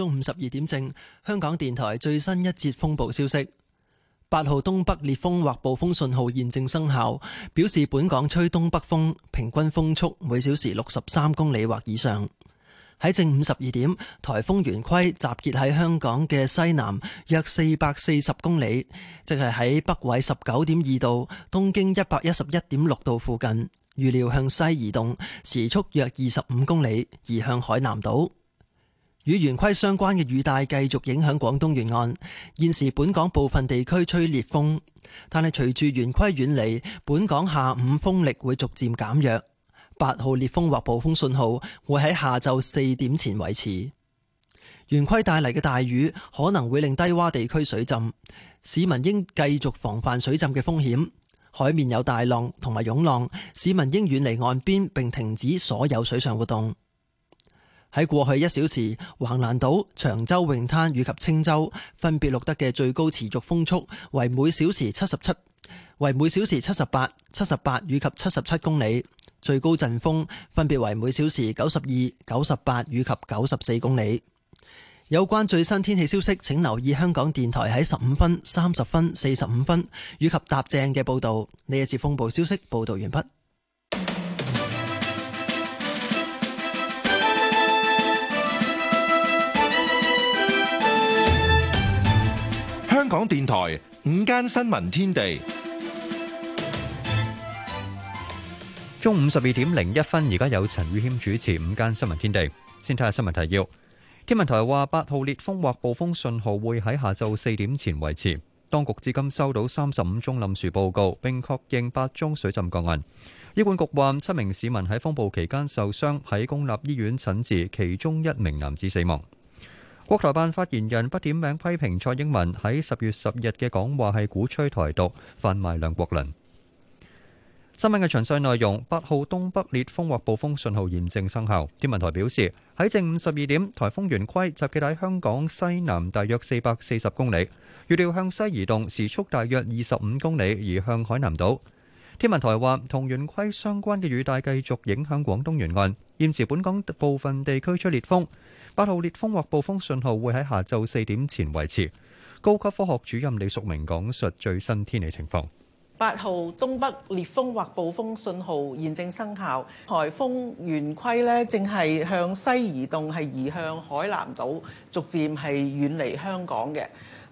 中午十二點正，香港電台最新一節風暴消息：八號東北烈風或暴風信號現正生效，表示本港吹東北風，平均風速每小時六十三公里或以上。喺正午十二點，颱風圓規集結喺香港嘅西南約四百四十公里，即係喺北緯十九點二度、東經一百一十一點六度附近。預料向西移動，時速約二十五公里，移向海南島。與圓規相關嘅雨帶繼續影響廣東沿岸，現時本港部分地區吹烈風，但係隨住圓規遠離，本港下午風力會逐漸減弱。八號烈風或暴風信號會喺下晝四點前維持。圓規帶嚟嘅大雨可能會令低窪地區水浸，市民應繼續防範水浸嘅風險。海面有大浪同埋湧浪，市民應遠離岸邊並停止所有水上活動。喺過去一小時，橫瀾島、長洲泳灘以及，及青洲分別錄得嘅最高持續風速為每小時七十七、為每小時七十八、七十八以及七十七公里，最高陣風分別為每小時九十二、九十八以及九十四公里。有關最新天氣消息，請留意香港電台喺十五分、三十分、四十五分以及搭正嘅報道。呢一節風暴消息報道完畢。港電台午間新聞天地，中午十二點零一分，而家有陳宇謙主持午間新聞天地。先睇下新聞提要。天文台話八號烈風或暴風信號會喺下晝四點前維持。當局至今收到三十五宗冧樹報告，並確認八宗水浸個案。醫管局話七名市民喺風暴期間受傷，喺公立醫院診治，其中一名男子死亡。國台辦發言人不點名批評蔡英文喺十月十日嘅講話係鼓吹台獨、販賣兩國論。新聞嘅詳細內容，八號東北烈風或暴風信號現正生效。天文台表示，喺正午十二點，台風圓規集結喺香港西南大約四百四十公里，預料向西移動，時速大約二十五公里，移向海南島。天文台話，同圓規相關嘅雨帶繼續影響廣東沿岸，現時本港部分地區吹烈風。八號烈風或暴風信號會喺下晝四點前維持。高級科學主任李淑明講述最新天氣情況。八號東北烈風或暴風信號現正生效，颱風圓規咧正係向西移動，係移向海南島，逐漸係遠離香港嘅。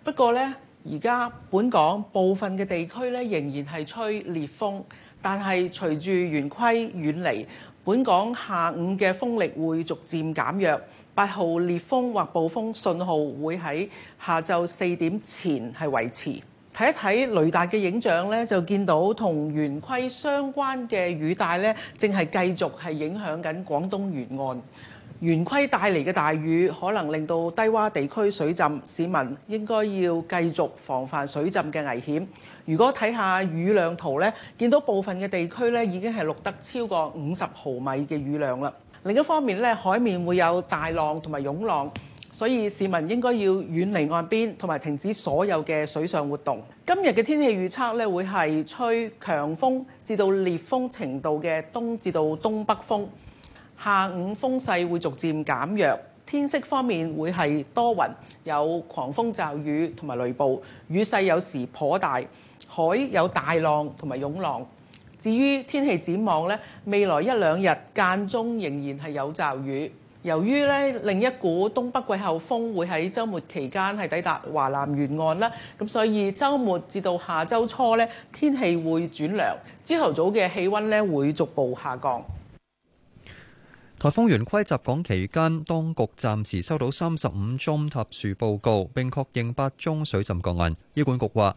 不過呢，而家本港部分嘅地區咧仍然係吹烈風，但係隨住圓規遠離，本港下午嘅風力會逐漸減弱。八號烈風或暴風信號會喺下晝四點前係維持。睇一睇雷達嘅影像咧，就見到同圓規相關嘅雨帶咧，正係繼續係影響緊廣東沿岸。圓規帶嚟嘅大雨可能令到低窪地區水浸，市民應該要繼續防範水浸嘅危險。如果睇下雨量圖咧，見到部分嘅地區咧已經係錄得超過五十毫米嘅雨量啦。另一方面咧，海面會有大浪同埋湧浪，所以市民應該要遠離岸邊同埋停止所有嘅水上活動。今日嘅天氣預測咧，會係吹強風至到烈風程度嘅東至到東北風。下午風勢會逐漸減弱，天色方面會係多雲，有狂風驟雨同埋雷暴，雨勢有時頗大，海有大浪同埋湧浪。至於天氣展望咧，未來一兩日間中仍然係有驟雨。由於咧另一股東北季候風會喺週末期間係抵達華南沿岸啦，咁所以週末至到下周初咧，天氣會轉涼。朝頭早嘅氣温咧會逐步下降。颱風圓規襲港期間，當局暫時收到三十五宗塌樹報告，並確認八宗水浸個案。醫管局話，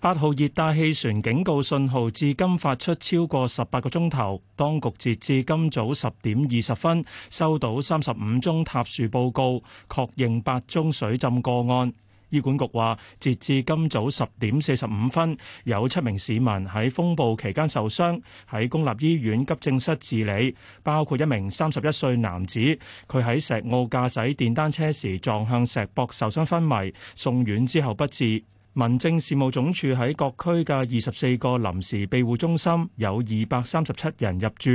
八號熱帶氣旋警告信號至今發出超過十八個鐘頭，當局截至今早十點二十分收到三十五宗塌樹報告，確認八宗水浸個案。醫管局話，截至今早十點四十五分，有七名市民喺風暴期間受傷，喺公立醫院急症室治理，包括一名三十一歲男子，佢喺石澳駕駛電單車時撞向石壆，受傷昏迷，送院之後不治。民政事務總署喺各區嘅二十四個臨時庇護中心有二百三十七人入住。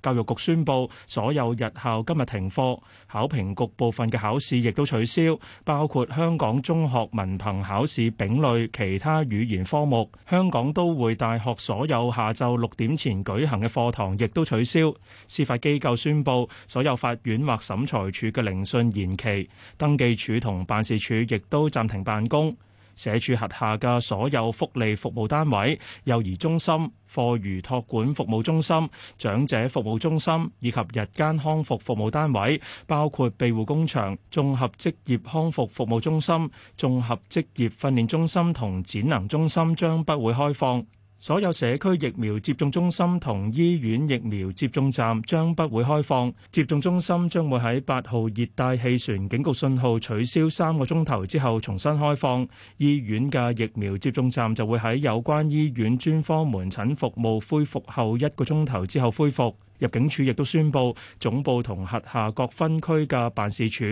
教育局宣佈所有日校今日停課，考評局部分嘅考試亦都取消，包括香港中學文憑考試丙類其他語言科目。香港都會大學所有下晝六點前舉行嘅課堂亦都取消。司法機構宣佈所有法院或審裁處嘅聆訊延期，登記處同辦事處亦都暫停辦公。社署轄下嘅所有福利服務單位、幼兒中心、課餘托管服務中心、長者服務中心以及日間康復服務單位，包括庇護工場、綜合職業康復服務中心、綜合職業訓練中心同展能中心，將不會開放。所有社區疫苗接種中心同醫院疫苗接種站將不會開放。接種中心將會喺八號熱帶氣旋警告信號取消三個鐘頭之後重新開放。醫院嘅疫苗接種站就會喺有關醫院專科門診服務恢復後一個鐘頭之後恢復。入境處亦都宣布總部同轄下各分區嘅辦事處、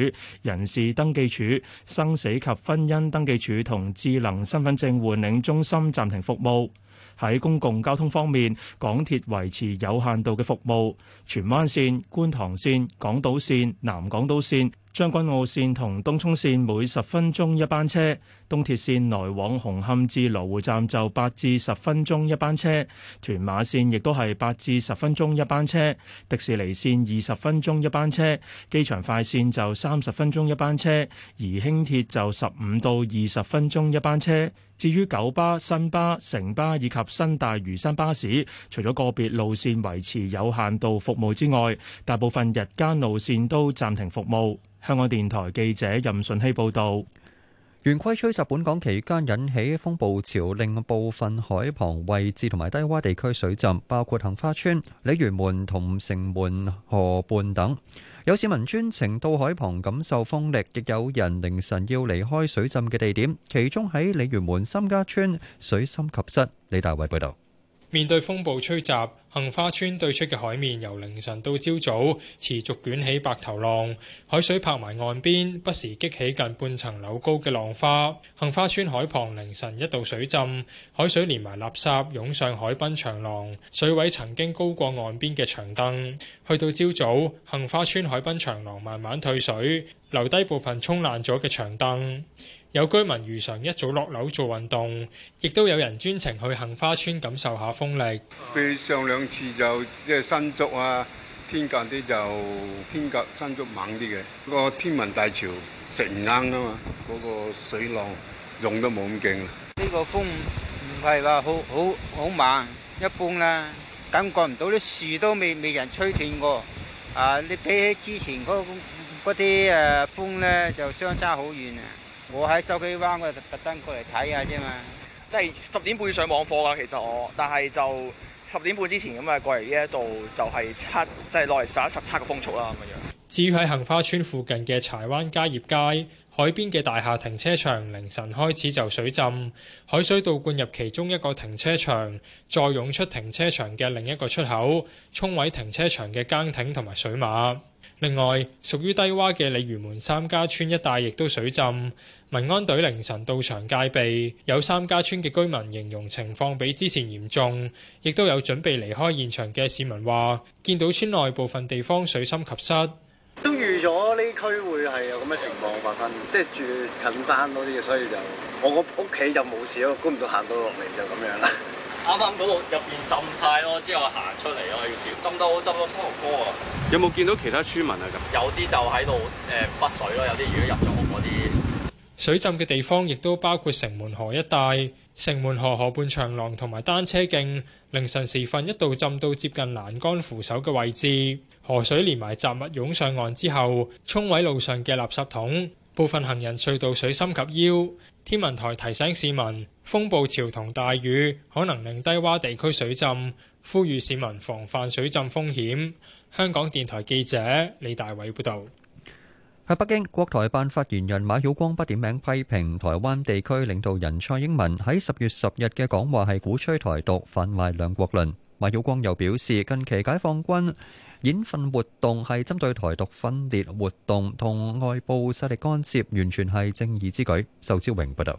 人事登記處、生死及婚姻登記處同智能身份證換領中心暫停服務。喺公共交通方面，港鐵維持有限度嘅服務，荃灣線、觀塘線、港島線、南港島線、將軍澳線同東涌線每十分鐘一班車，東鐵線來往紅磡至羅湖站就八至十分鐘一班車，屯馬線亦都係八至十分鐘一班車，迪士尼線二十分鐘一班車，機場快線就三十分鐘一班車，而輕鐵就十五到二十分鐘一班車。至於九巴、新巴、城巴以及新大嶼山巴士，除咗個別路線維持有限度服務之外，大部分日間路線都暫停服務。香港電台記者任順希報道，圓規吹襲本港期間引起風暴潮，令部分海旁位置同埋低窪地區水浸，包括杏花邨、鯉魚門同城門河畔等。有市民專程到海旁感受風力，亦有人凌晨要離開水浸嘅地點。其中喺鯉魚門三家村水深及膝。李大偉報道。面對風暴吹襲，杏花村對出嘅海面由凌晨到朝早持續捲起白頭浪，海水拍埋岸邊，不時激起近半層樓高嘅浪花。杏花村海旁凌晨一度水浸，海水連埋垃圾湧上海濱長廊，水位曾經高過岸邊嘅長凳。去到朝早，杏花村海濱長廊慢慢退水，留低部分沖爛咗嘅長凳。有居民如常一早落樓做運動，亦都有人專程去杏花村感受下風力。比上兩次就即係山竹啊，天鴿啲就天鴿山竹猛啲嘅。不過天文大潮食唔啱啊嘛，嗰個水浪浪都冇咁勁。呢個風唔係話好好好猛，一般啦，感覺唔到啲樹都未未人吹斷過。啊，你比起之前嗰嗰啲誒風咧，就相差好遠啊！我喺筲箕灣嗰度特登過嚟睇下啫嘛，即係十點半上網課噶，其實我，但係就十點半之前咁啊，過嚟呢一度就係測，即係落嚟耍十七個風速啦咁嘅樣。至於喺杏花村附近嘅柴灣嘉業街。海邊嘅大廈停車場凌晨開始就水浸，海水倒灌入其中一個停車場，再湧出停車場嘅另一個出口，沖毀停車場嘅更亭同埋水馬。另外，屬於低窪嘅鯉魚門三家村一帶亦都水浸，民安隊凌晨到場戒備。有三家村嘅居民形容情況比之前嚴重，亦都有準備離開現場嘅市民話，見到村內部分地方水深及膝。都預咗呢區會係有咁嘅情況發生，即係住近山多啲，所以就我個屋企就冇事咯，估唔到行到落嚟就咁樣。啱啱嗰度入邊浸晒咯，之後行出嚟咯，要小浸到浸到膝頭哥啊！有冇見到其他村民啊？咁有啲就喺度誒，潑、呃、水咯，有啲如果入咗屋嗰啲。水浸嘅地方亦都包括城門河一帶。城門河河畔長廊同埋單車徑，凌晨時分一度浸到接近欄杆扶手嘅位置，河水連埋雜物湧上岸之後，沖毀路上嘅垃圾桶，部分行人隧道水深及腰。天文台提醒市民，風暴潮同大雨可能令低洼地區水浸，呼籲市民防範水浸風險。香港電台記者李大偉報道。喺北京，國台辦發言人馬曉光不點名批評台灣地區領導人蔡英文喺十月十日嘅講話係鼓吹台獨、販賣兩國論。馬曉光又表示，近期解放軍演訓活動係針對台獨分裂活動同外部勢力干涉，完全係正義之舉。仇昭榮報導。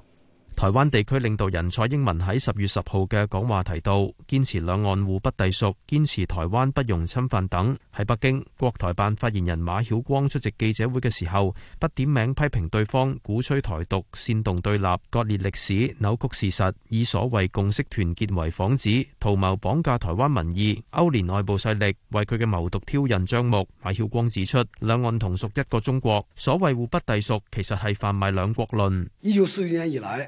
台灣地區領導人蔡英文喺十月十號嘅講話提到，堅持兩岸互不隸屬，堅持台灣不容侵犯等。喺北京國台辦發言人馬曉光出席記者會嘅時候，不點名批評對方鼓吹台獨、煽動對立、割裂歷史、扭曲事實，以所謂共識團結為幌子，圖謀綁架台灣民意，勾連外部勢力，為佢嘅謀獨挑釁張目。馬曉光指出，兩岸同屬一個中國，所謂互不隸屬其實係販賣兩國論。一九四九年以來，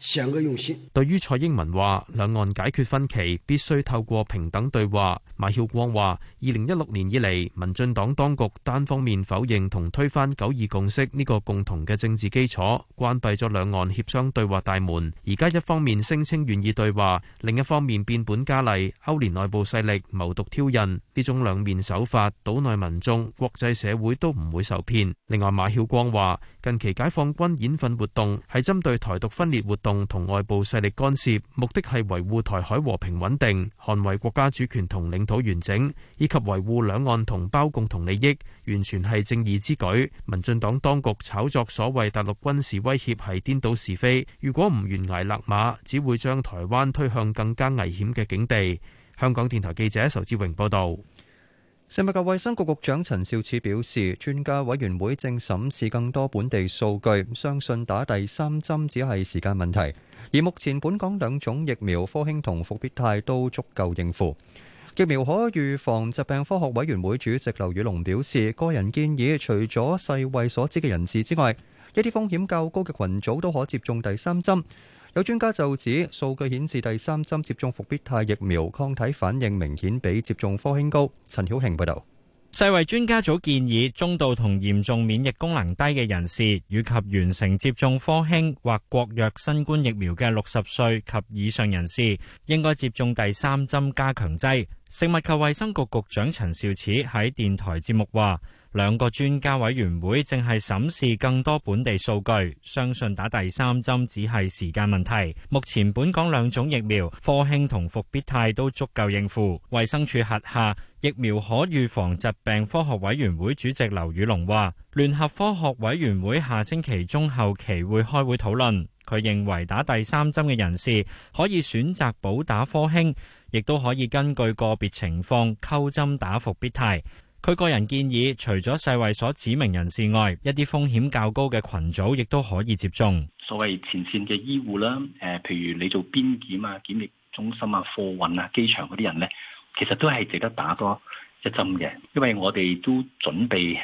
險惡用心。對於蔡英文話，兩岸解決分歧必須透過平等對話。馬曉光話：，二零一六年以嚟，民進黨當局單方面否認同推翻九二共識呢個共同嘅政治基礎，關閉咗兩岸協商對話大門。而家一方面聲稱願意對話，另一方面變本加厲，勾連內部勢力謀獨挑釁，呢種兩面手法，島內民眾、國際社會都唔會受騙。另外，馬曉光話：，近期解放軍演訓活動係針對台獨分裂活動。同外部勢力干涉，目的係維護台海和平穩定，捍衞國家主權同領土完整，以及維護兩岸同胞共同利益，完全係正義之舉。民進黨當局炒作所謂大陸軍事威脅係顛倒是非，如果唔懸崖勒馬，只會將台灣推向更加危險嘅境地。香港電台記者仇志榮報道。食物及衞生局局長陳肇始表示，專家委員會正審視更多本地數據，相信打第三針只係時間問題。而目前本港兩種疫苗科興同復必泰都足夠應付。疫苗可預防疾病科學委員會主席劉宇龍表示，個人建議，除咗世衞所知嘅人士之外，一啲風險較高嘅羣組都可接種第三針。有專家就指，數據顯示第三針接種復必泰疫苗抗體反應明顯比接種科興高。陳曉慶報導。世衞專家組建議中度同嚴重免疫功能低嘅人士，以及完成接種科興或國藥新冠疫苗嘅六十歲及以上人士，應該接種第三針加強劑。食物及衛生局局長陳肇始喺電台節目話。兩個專家委員會正係審視更多本地數據，相信打第三針只係時間問題。目前本港兩種疫苗科興同復必泰都足夠應付。衛生署轄下疫苗可預防疾病科學委員會主席劉宇隆話，聯合科學委員會下星期中後期會開會討論。佢認為打第三針嘅人士可以選擇補打科興，亦都可以根據個別情況溝針打復必泰。佢個人建議，除咗世衛所指明人士外，一啲風險較高嘅群組，亦都可以接種。所謂前線嘅醫護啦，誒、呃，譬如你做邊檢啊、檢疫中心啊、貨運啊、機場嗰啲人咧，其實都係值得打多一針嘅，因為我哋都準備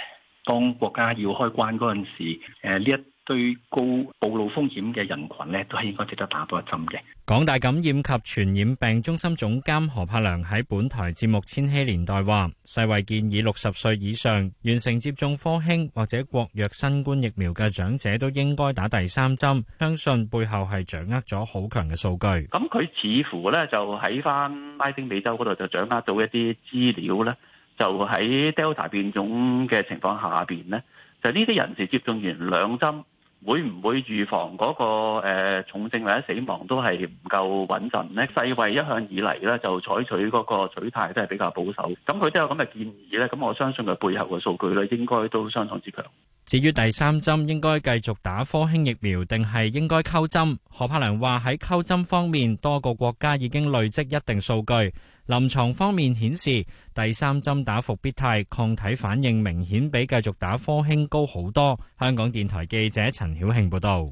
當國家要開關嗰陣時，呢、呃、一。對高暴露風險嘅人羣呢，都係應該值得打多一針嘅。港大感染及傳染病中心總監何柏良喺本台節目《千禧年代》話：世衞建議六十歲以上完成接種科興或者國藥新冠疫苗嘅長者都應該打第三針。相信背後係掌握咗好強嘅數據。咁佢似乎呢就喺翻拉丁美洲嗰度就掌握到一啲資料呢，就喺 Delta 變種嘅情況下邊呢，就呢啲人士接種完兩針。會唔會預防嗰個誒重症或者死亡都係唔夠穩陣呢？世衛一向以嚟呢就採取嗰個取態都係比較保守，咁佢都有咁嘅建議呢，咁我相信佢背後嘅數據呢應該都相當之強。至於第三針應該繼續打科興疫苗定係應該溝針？何柏良話喺溝針方面，多個國家已經累積一定數據。臨床方面顯示，第三針打復必泰抗體反應明顯比繼續打科興高好多。香港電台記者陳曉慶報導。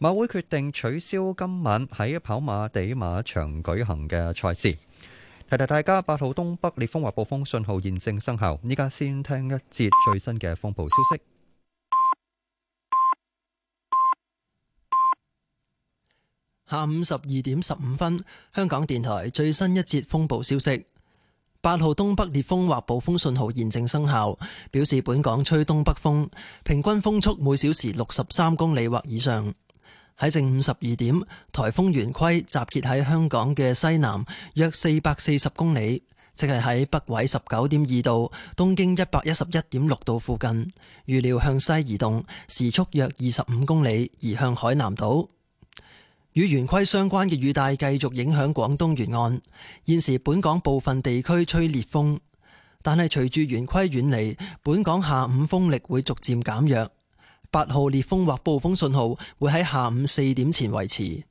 馬會決定取消今晚喺跑馬地馬場舉行嘅賽事。提提大家，八號東北烈風或暴風信號現正生效。依家先聽一節最新嘅風暴消息。下午十二點十五分，香港電台最新一節風暴消息：八號東北烈風或暴風信號現正生效，表示本港吹東北風，平均風速每小時六十三公里或以上。喺正午十二點，台風圓規集結喺香港嘅西南約四百四十公里，即係喺北緯十九點二度、東經一百一十一點六度附近。預料向西移動，時速約二十五公里，移向海南島。與圓規相關嘅雨帶繼續影響廣東沿岸，現時本港部分地區吹烈風，但係隨住圓規遠離，本港下午風力會逐漸減弱。八號烈風或暴風信號會喺下午四點前維持。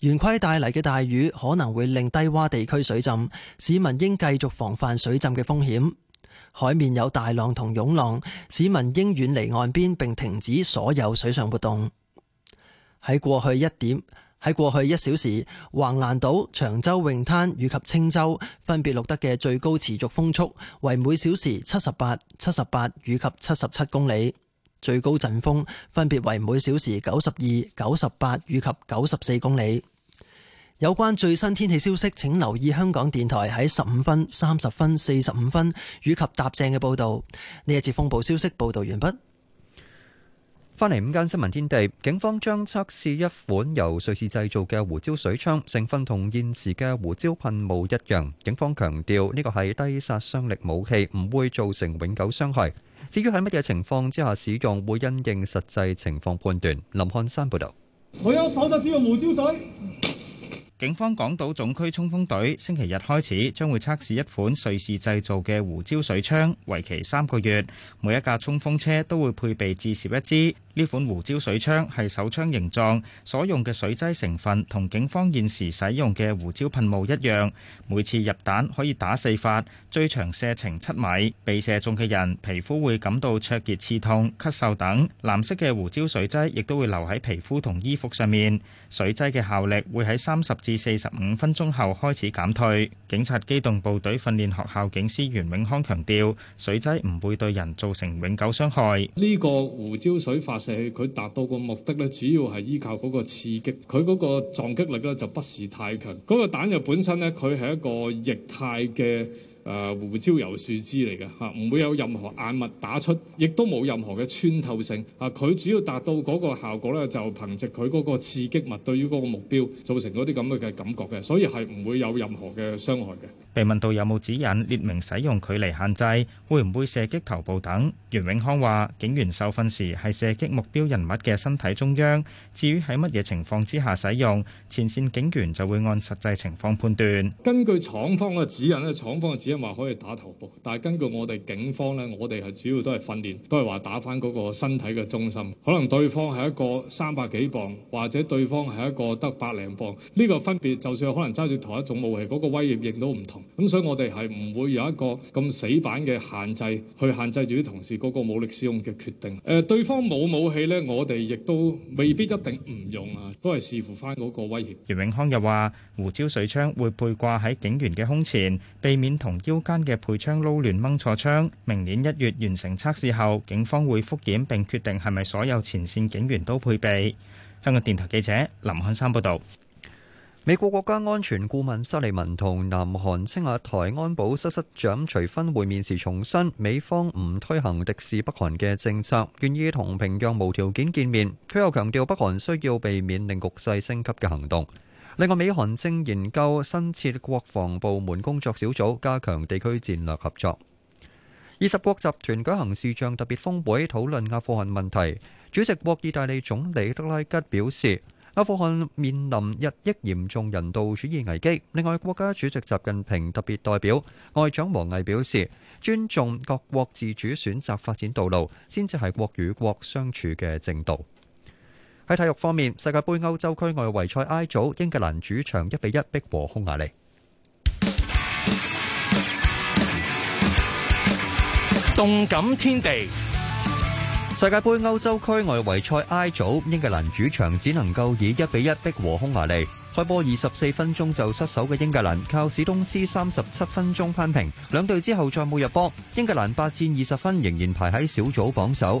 圓規帶嚟嘅大雨可能會令低洼地區水浸，市民應繼續防範水浸嘅風險。海面有大浪同湧浪，市民應遠離岸邊並停止所有水上活動。喺過去一點，喺過去一小時，橫瀾島、長洲泳灘以及青洲分別錄得嘅最高持續風速為每小時七十八、七十八與及七十七公里，最高陣風分別為每小時九十二、九十八與及九十四公里。有關最新天氣消息，請留意香港電台喺十五分、三十分、四十五分與及搭正嘅報道。呢一次風暴消息報道完畢。翻嚟午間新聞天地，警方將測試一款由瑞士製造嘅胡椒水槍，成分同現時嘅胡椒噴霧一樣。警方強調呢個係低殺傷力武器，唔會造成永久傷害。至於喺乜嘢情況之下使用，會因應實際情況判斷。林漢山報導。我有首次使用胡椒水。警方港島總區衝鋒隊星期日開始將會測試一款瑞士製造嘅胡椒水槍，為期三個月。每一架衝鋒車都會配備至少一支。呢款胡椒水槍係手槍形狀，所用嘅水劑成分同警方現時使用嘅胡椒噴霧一樣。每次入彈可以打四發，最長射程七米。被射中嘅人皮膚會感到灼熱、刺痛、咳嗽等。藍色嘅胡椒水劑亦都會留喺皮膚同衣服上面。水劑嘅效力會喺三十至四十五分鐘後開始減退。警察機動部隊訓練學校警司袁永康強調，水劑唔會對人造成永久傷害。呢個胡椒水發射器，佢達到個目的咧，主要係依靠嗰個刺激，佢嗰個撞擊力咧就不是太強。嗰、那個彈藥本身咧，佢係一個液態嘅。誒，胡椒油樹枝嚟嘅嚇，唔會有任何硬物打出，亦都冇任何嘅穿透性。啊，佢主要達到嗰個效果呢，就憑藉佢嗰個刺激物對於嗰個目標造成嗰啲咁嘅嘅感覺嘅，所以係唔會有任何嘅傷害嘅。被問到有冇指引列明使用距離限制，會唔會射擊頭部等？袁永康話：警員受訓時係射擊目標人物嘅身體中央。至於喺乜嘢情況之下使用，前線警員就會按實際情況判斷。根據廠方嘅指引咧，廠方嘅指引因為可以打頭部，但係根據我哋警方咧，我哋係主要都係訓練，都係話打翻嗰個身體嘅中心。可能對方係一個三百幾磅，或者對方係一個得百零磅，呢個分別就算可能揸住同一種武器，嗰個威脅亦都唔同。咁所以，我哋係唔會有一個咁死板嘅限制，去限制住啲同事嗰個武力使用嘅決定。誒、呃，對方冇武器呢，我哋亦都未必一定唔用啊，都係視乎翻嗰個威脅。袁永康又話：胡椒水槍會背掛喺警員嘅胸前，避免同腰間嘅配槍撈亂掹錯槍，明年一月完成測試後，警方會復檢並決定係咪所有前線警員都配備。香港電台記者林漢山報導。美國國家安全顧問沙利文同南韓青瓦台安保室室長徐薰會面時重申，美方唔推行敵視北韓嘅政策，願意同平壤無條件見面。佢又強調，北韓需要避免令局勢升級嘅行動。另外，美韓正研究新設國防部門工作小組，加強地區戰略合作。二十國集團舉行視像特別峰會，討論阿富汗問題。主席國意大利總理德拉吉表示，阿富汗面臨日益嚴重人道主義危機。另外，國家主席習近平特別代表外長王毅表示，尊重各國自主選擇發展道路，先至係國與國相處嘅正道。喺體育方面，世界杯歐洲區外圍賽 I 組，英格蘭主場一比一逼和匈牙利。動感天地，世界杯歐洲區外圍賽 I 組，英格蘭主場只能夠以一比一逼和匈牙利。開波二十四分鐘就失守嘅英格蘭，靠史東斯三十七分鐘翻平，兩隊之後再冇入波。英格蘭八戰二十分，仍然排喺小組榜首。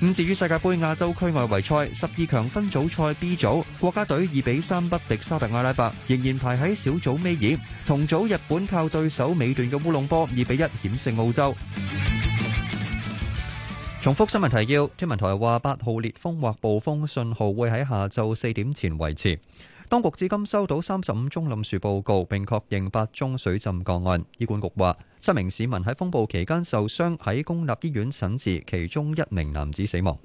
咁至於世界杯亞洲區外圍賽十二強分組賽 B 組，國家隊二比三不敵沙特阿拉伯，仍然排喺小組尾二。同組日本靠對手尾段嘅烏龍波二比一險勝澳洲。重複新聞提要，天文台話八號烈風或暴風信號會喺下晝四點前維持。當局至今收到三十五宗冧樹報告，並確認八宗水浸個案。醫管局話，七名市民喺風暴期間受傷，喺公立醫院診治，其中一名男子死亡。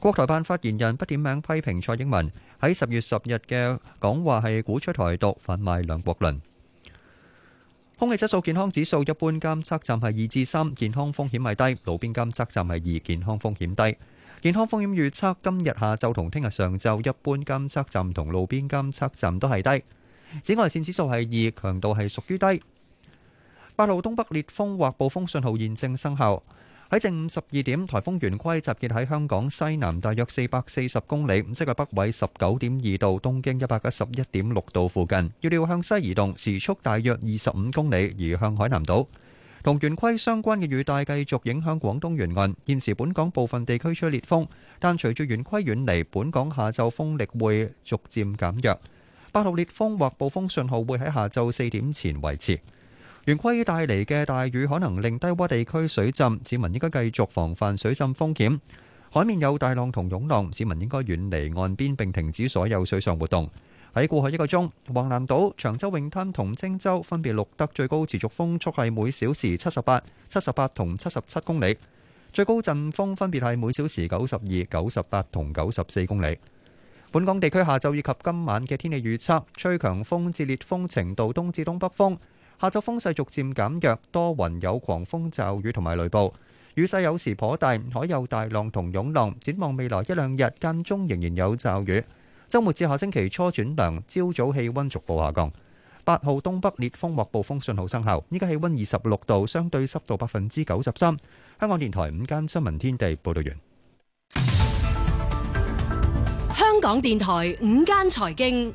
國台辦發言人不點名批評蔡英文喺十月十日嘅講話係鼓吹台獨、販賣兩國論。空氣質素健康指數一般監測站係二至三，健康風險係低；路邊監測站係二，健康風險低。健康風險預測今日下晝同聽日上晝，一般監測站同路邊監測站都係低。紫外線指數係二，強度係屬於低。八號東北烈風或暴風信號現正生效。喺正午十二點，颱風圓規集結喺香港西南大約四百四十公里，即係北緯十九點二度、東經一百一十一點六度附近，預料向西移動，時速大約二十五公里，移向海南島。同圓規相關嘅雨帶繼續影響廣東沿岸，現時本港部分地區吹烈風，但隨住圓規遠離，本港下晝風力會逐漸減弱，八號烈風或暴風信號會喺下晝四點前維持。圓規帶嚟嘅大雨可能令低洼地區水浸，市民應該繼續防範水浸風險。海面有大浪同湧浪，市民應該遠離岸邊並停止所有水上活動。喺過去一個鐘，橫瀾島、長洲泳灘同青洲分別錄得最高持續風速係每小時七十八、七十八同七十七公里，最高陣風分別係每小時九十二、九十八同九十四公里。本港地區下晝以及今晚嘅天氣預測，吹強風至烈風程度，東至東北風。下晝風勢逐漸減弱，多雲有狂風驟雨同埋雷暴，雨勢有時頗大，海有大浪同湧浪。展望未來一兩日，間中仍然有驟雨。周末至下星期初轉涼，朝早氣溫逐步下降。八號東北烈風或暴風信號生效，依家，氣溫二十六度，相對濕度百分之九十三。香港電台午間新聞天地報道完。香港電台午間財經，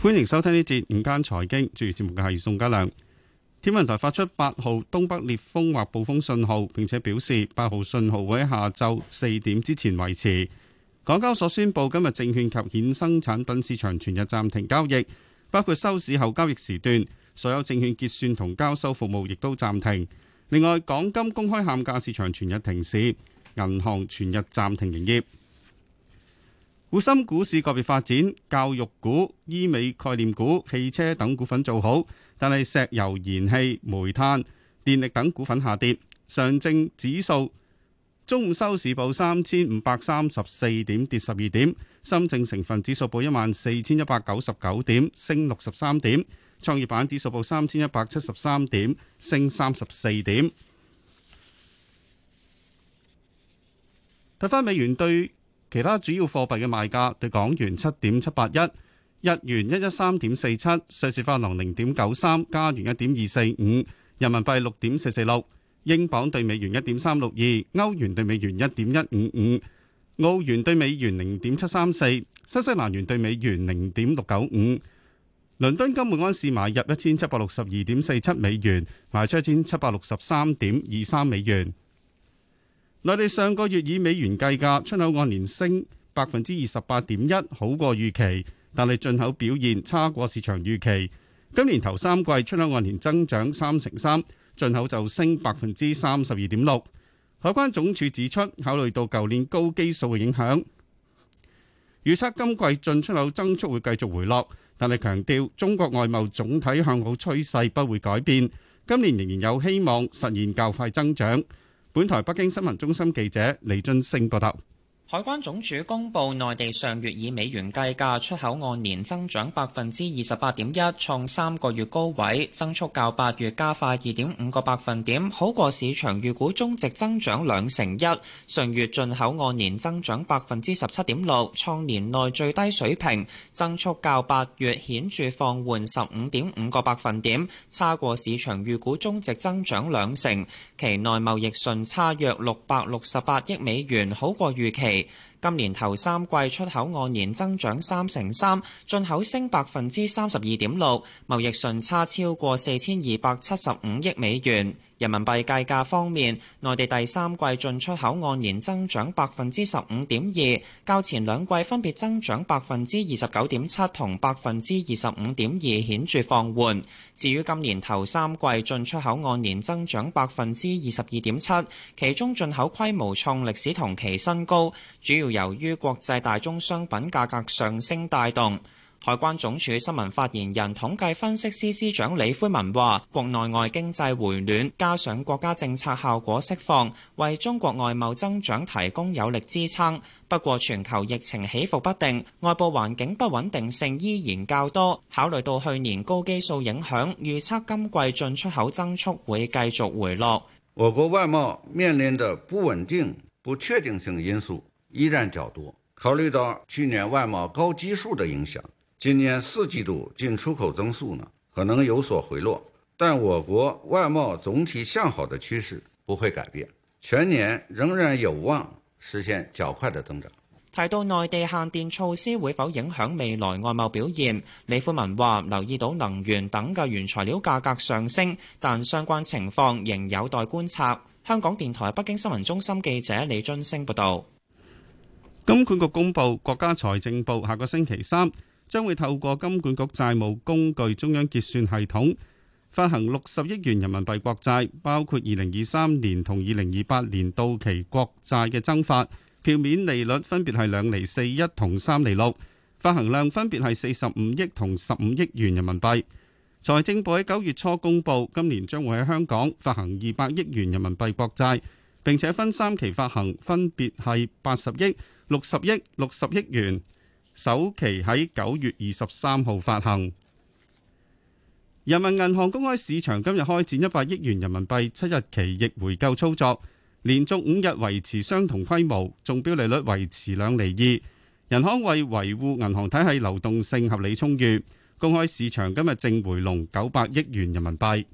歡迎收聽呢節午間財經，主持節目嘅係宋家亮。天文台發出八號東北烈風或暴風信號，並且表示八號信號會喺下晝四點之前維持。港交所宣布，今日證券及衍生產品市場全日暫停交易，包括收市後交易時段，所有證券結算同交收服務亦都暫停。另外，港金公開喊價市場全日停市，銀行全日暫停營業。滬深股市個別發展，教育股、醫美概念股、汽車等股份做好。但係石油、燃氣、煤炭、電力等股份下跌。上證指數中午收市報三千五百三十四點，跌十二點。深證成分指數報一萬四千一百九十九點，升六十三點。創業板指數報三千一百七十三點，升三十四點。睇翻美元對其他主要貨幣嘅賣價，對港元七點七八一。日元一一三點四七，瑞士法郎零點九三，加元一點二四五，人民幣六點四四六，英鎊兌美元一點三六二，歐元兌美元一點一五五，澳元兌美元零點七三四，新西蘭元兌美元零點六九五。倫敦金每安士買入一千七百六十二點四七美元，賣出一千七百六十三點二三美元。內地上個月以美元計價出口按年升百分之二十八點一，好過預期。但係進口表現差過市場預期，今年頭三季出口按年增長三成三，進口就升百分之三十二點六。海關總署指出，考慮到舊年高基數嘅影響，預測今季進出口增速會繼續回落。但係強調，中國外貿總體向好趨勢不會改變，今年仍然有希望實現較快增長。本台北京新聞中心記者李津升報道。海關總署公布，內地上月以美元計價出口按年增長百分之二十八點一，創三個月高位，增速較八月加快二點五個百分點，好過市場預估中值增長兩成一。上月進口按年增長百分之十七點六，創年內最低水平，增速較八月顯著放緩十五點五個百分點，差過市場預估中值增長兩成。期內貿易順差約六百六十八億美元，好過預期。今年頭三季出口按年增長三成三，進口升百分之三十二點六，貿易順差超過四千二百七十五億美元。人民幣計價方面，內地第三季進出口按年增長百分之十五點二，較前兩季分別增長百分之二十九點七同百分之二十五點二，顯著放緩。至於今年頭三季進出口按年增長百分之二十二點七，其中進口規模創歷史同期新高，主要由於國際大宗商品價格上升帶動。海關總署新聞發言人、統計分析司司長李魁文話：國內外經濟回暖，加上國家政策效果釋放，為中國外貿增長提供有力支撐。不過，全球疫情起伏不定，外部環境不穩定性依然較多。考慮到去年高基數影響，預測今季進出口增速會繼續回落。我國外貿面臨的不穩定、不確定性因素依然較多。考慮到去年外貿高基數的影響。今年四季度進出口增速呢，可能有所回落，但我國外貿總體向好的趨勢不會改變，全年仍然有望實現較快的增長。提到內地限電措施會否影響未來外貿表現，李富文話：留意到能源等嘅原材料價格上升，但相關情況仍有待觀察。香港電台北京新聞中心記者李津星報道。金管、嗯、局公布，國家財政部下個星期三。將會透過金管局債務工具中央結算系統發行六十億元人民幣國債，包括二零二三年同二零二八年到期國債嘅增發，票面利率分別係兩厘四一同三厘六，發行量分別係四十五億同十五億元人民幣。財政部喺九月初公布，今年將會喺香港發行二百億元人民幣國債，並且分三期發行，分別係八十億、六十億、六十億元。首期喺九月二十三號發行。人民銀行公開市場今日開展一百億元人民幣七日期逆回購操作，連續五日維持相同規模，中標利率維持兩厘二。人行為維護銀行體系流動性合理充裕，公開市場今日淨回籠九百億元人民幣。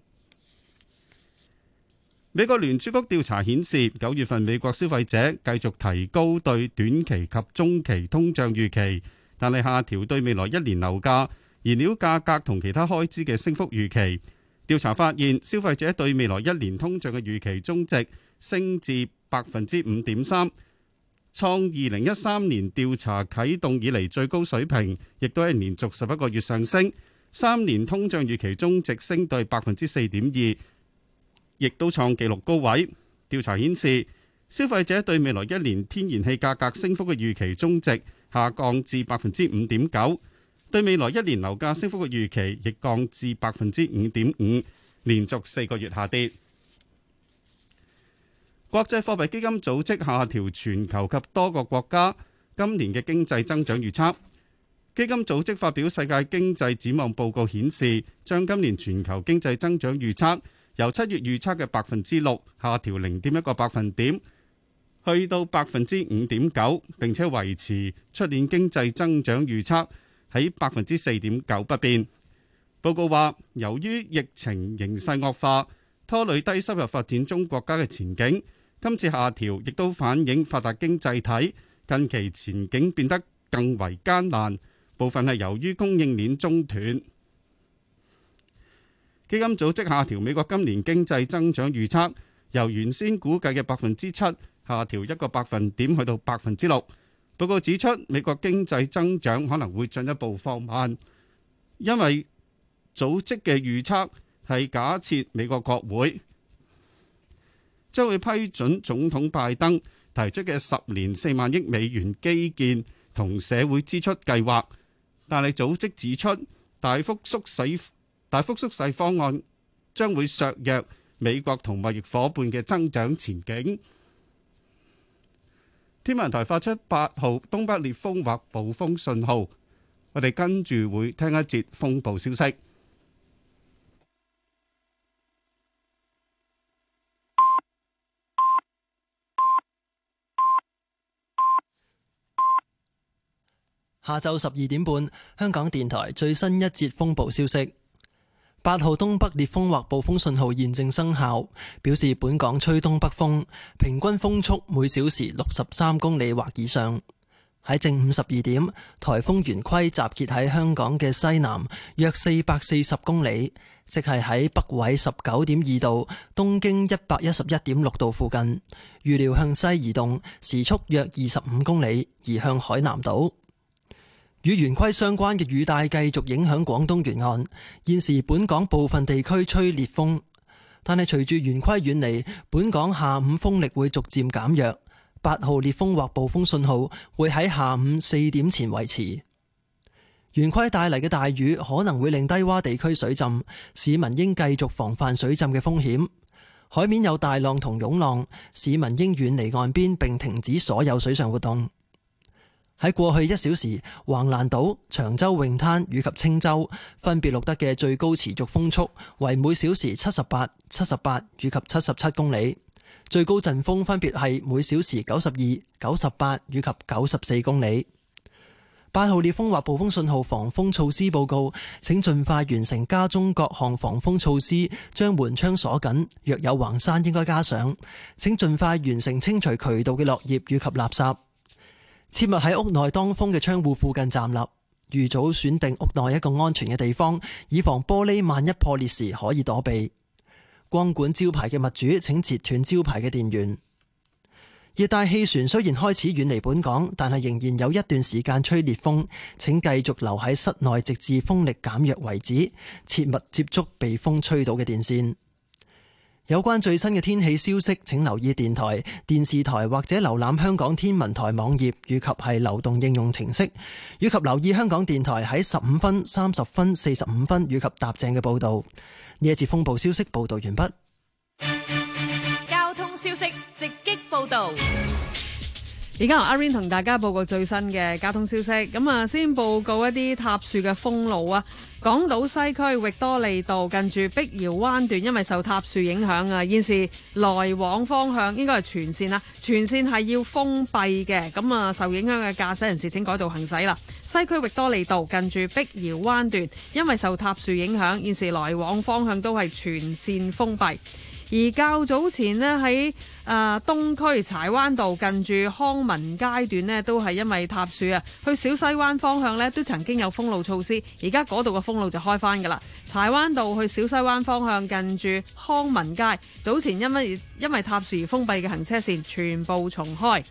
美國聯儲局調查顯示，九月份美國消費者繼續提高對短期及中期通脹預期，但係下調對未來一年樓價、燃料價格同其他開支嘅升幅預期。調查發現，消費者對未來一年通脹嘅預期中值升至百分之五點三，創二零一三年調查啟動以嚟最高水平，亦都係連續十一個月上升。三年通脹預期中值升至百分之四點二。亦都創紀錄高位。調查顯示，消費者對未來一年天然氣價格升幅嘅預期中值下降至百分之五點九，對未來一年樓價升幅嘅預期亦降至百分之五點五，連續四個月下跌。國際貨幣基金組織下調全球及多個國家今年嘅經濟增長預測。基金組織發表世界經濟展望報告顯示，將今年全球經濟增長預測，由七月預測嘅百分之六下調零點一個百分點，去到百分之五點九，並且維持出年經濟增長預測喺百分之四點九不變。報告話，由於疫情形勢惡化，拖累低收入發展中國家嘅前景。今次下調亦都反映發達經濟體近期前景變得更為艱難，部分係由於供應鏈中斷。基金組織下調美國今年經濟增長預測，由原先估計嘅百分之七下調一個百分點，去到百分之六。報告指出，美國經濟增長可能會進一步放慢，因為組織嘅預測係假設美國國會將會批准總統拜登提出嘅十年四萬億美元基建同社會支出計劃，但係組織指出，大幅縮細。大幅縮細方案將會削弱美國同貿易夥伴嘅增長前景。天文台發出八號東北烈風或暴風信號，我哋跟住會聽一節風暴消息。下晝十二點半，香港電台最新一節風暴消息。八號東北烈風或暴風信號現正生效，表示本港吹東北風，平均風速每小時六十三公里或以上。喺正午十二點，颱風圓規集結喺香港嘅西南約四百四十公里，即係喺北緯十九點二度，東經一百一十一點六度附近。預料向西移動，時速約二十五公里，移向海南島。與圓規相關嘅雨帶繼續影響廣東沿岸，現時本港部分地區吹烈風，但係隨住圓規遠離，本港下午風力會逐漸減弱，八號烈風或暴風信號會喺下午四點前維持。圓規帶嚟嘅大雨可能會令低窪地區水浸，市民應繼續防範水浸嘅風險。海面有大浪同湧浪，市民應遠離岸邊並停止所有水上活動。喺過去一小時，橫瀾島、長洲泳灘以及青洲分別錄得嘅最高持續風速為每小時七十八、七十八以及七十七公里，最高陣風分別係每小時九十二、九十八以及九十四公里。八號烈風或暴風信號防風措施報告，請儘快完成家中各項防風措施，將門窗鎖緊，若有橫山應該加上，請儘快完成清除渠道嘅落葉以及垃圾。切勿喺屋內當風嘅窗戶附近站立，預早選定屋內一個安全嘅地方，以防玻璃萬一破裂時可以躲避。光管招牌嘅物主，請截斷招牌嘅電源。熱帶氣旋雖然開始遠離本港，但係仍然有一段時間吹烈風，請繼續留喺室內，直至風力減弱為止。切勿接觸被風吹到嘅電線。有關最新嘅天氣消息，請留意電台、電視台或者瀏覽香港天文台網頁，以及係流動應用程式，以及留意香港電台喺十五分、三十分、四十五分以及踏正嘅報道。呢一節風暴消息報道完畢。交通消息直擊報道，而家我阿 rain 同大家報告最新嘅交通消息。咁啊，先報告一啲塌樹嘅封路啊。港島西區域多利道近住碧瑤灣段，因為受塌樹影響啊，現時來往方向應該係全線啊，全線係要封閉嘅。咁啊，受影響嘅駕駛人士請改道行駛啦。西區域多利道近住碧瑤灣段，因為受塌樹影響，現時來往方向都係全線封閉。而較早前呢，喺啊，東區柴灣道近住康文街段咧，都係因為塌樹啊。去小西灣方向咧，都曾經有封路措施，而家嗰度嘅封路就開翻㗎啦。柴灣道去小西灣方向近住康文街，早前因為因為塌樹而封閉嘅行車線全部重開。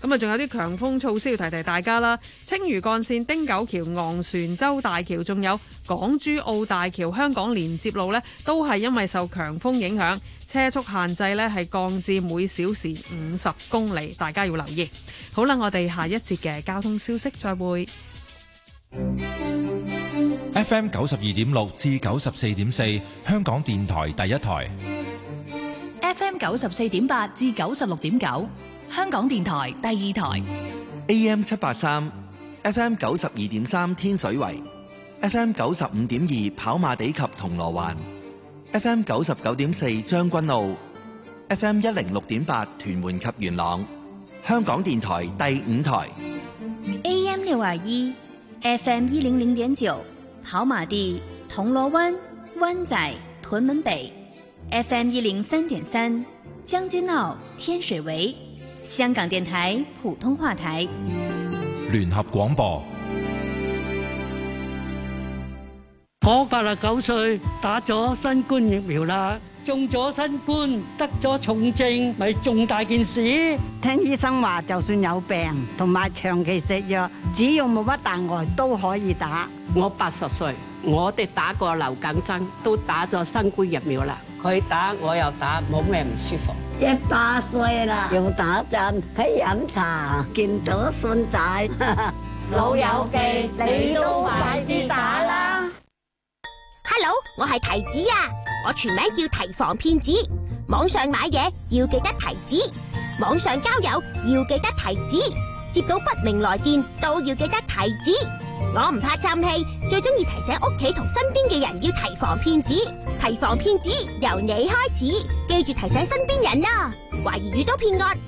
咁啊，仲有啲強風措施要提提大家啦。青嶼幹線、汀九橋、昂船洲大橋，仲有港珠澳大橋、香港連接路呢，都係因為受強風影響。車速限制咧係降至每小時五十公里，大家要留意。好啦，我哋下一節嘅交通消息再會。FM 九十二點六至九十四點四，香港電台第一台。FM 九十四點八至九十六點九，香港電台第二台。AM 七八三，FM 九十二點三，天水圍。FM 九十五點二，跑馬地及銅鑼灣。21, FM 九十九點四將軍澳，FM 一零六點八屯門及元朗，香港電台第五台，AM 六二一，FM 一零零點九跑馬地、銅鑼灣、灣仔、屯門北，FM 一零三點三將軍澳天水圍，香港電台普通話台，聯合廣播。我八十九歲打咗新冠疫苗啦，中咗新冠得咗重症咪重大件事？聽醫生話，就算有病同埋長期食藥，只要冇乜大礙都可以打。我八十歲，我哋打過流感針，都打咗新冠疫苗啦。佢打我又打，冇咩唔舒服。一百歲啦，又打針，去飲茶，見到孫仔，老友記，你都快啲打啦！Hello，我係提子啊！我全名叫提防騙子。網上買嘢要記得提子，網上交友要記得提子，接到不明來電都要記得提子。我唔怕嘆氣，最中意提醒屋企同身邊嘅人要提防騙子。提防騙子由你開始，記住提醒身邊人啦，啊！懷疑遇到騙案。